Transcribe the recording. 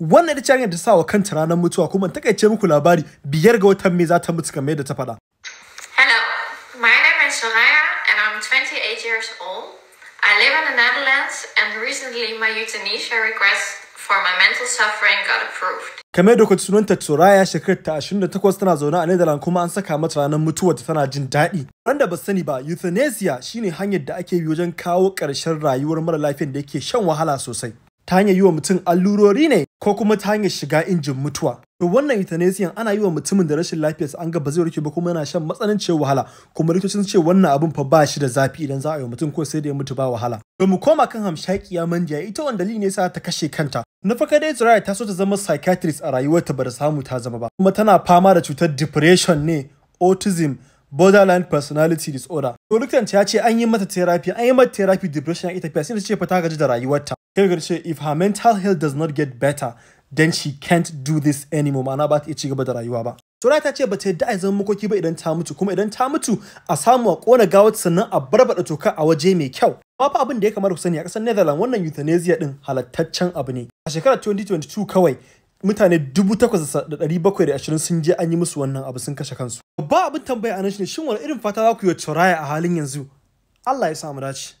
wannan ita ce hanyar da sawa kanta ranar mutuwa kuma takaice muku labari biyar ga watan mai za ta mutu kamar yadda ta faɗa. Hello, my name is Soraya and I'm 28 years old. I live in the Netherlands and recently my euthanasia request for my mental suffering got approved. Kamar da kuka sunanta Soraya shekarar ta 28 tana zaune a Netherlands kuma an saka mata ranar mutuwa ta tana jin daɗi. Wanda ba sani ba euthanasia shine hanyar da ake bi wajen kawo ƙarshen rayuwar mara lafiyar da yake shan wahala sosai. ta hanyar yi wa mutum allurori ne ko kuma ta hanyar shiga injin mutuwa. To wannan euthanasia ana yi wa mutumin da rashin lafiyarsa an ga ba zai warke ba kuma yana shan matsananciyar wahala kuma likitocin ce wannan abin fa ba shi da zafi idan za a yi wa mutum ko sai da ya mutu ba wahala. To mu koma kan hamshakiya manja ita wanda dalili ne sa ta kashe kanta. Na farko dai Zuraya ta so ta zama psychiatrist a rayuwarta ba da samu ta zama ba kuma tana fama da cutar depression ne autism borderline personality disorder. To likitan ya ce an yi mata therapy, an yi mata therapy depression ita tafiya sai ta ce fa ta gaji da rayuwarta. kai if her mental health does not get better then she can't do this anymore ma'ana ba ta ci gaba da rayuwa ba Tura ta ce ba ta yadda a zama makoki ba idan ta mutu kuma idan ta mutu a samu a kona gawar sannan a baɗa toka a waje mai kyau. Ma fa abin da ya kamata ku sani a ƙasar Netherlands wannan euthanasia ɗin halattaccen abu ne. A shekarar 2022 kawai mutane 8,720 sun je an yi musu wannan abu sun kashe kansu. Babba abin tambaya a nan ne shin wani irin fata za ku yi wa a halin yanzu? Allah ya samu dace.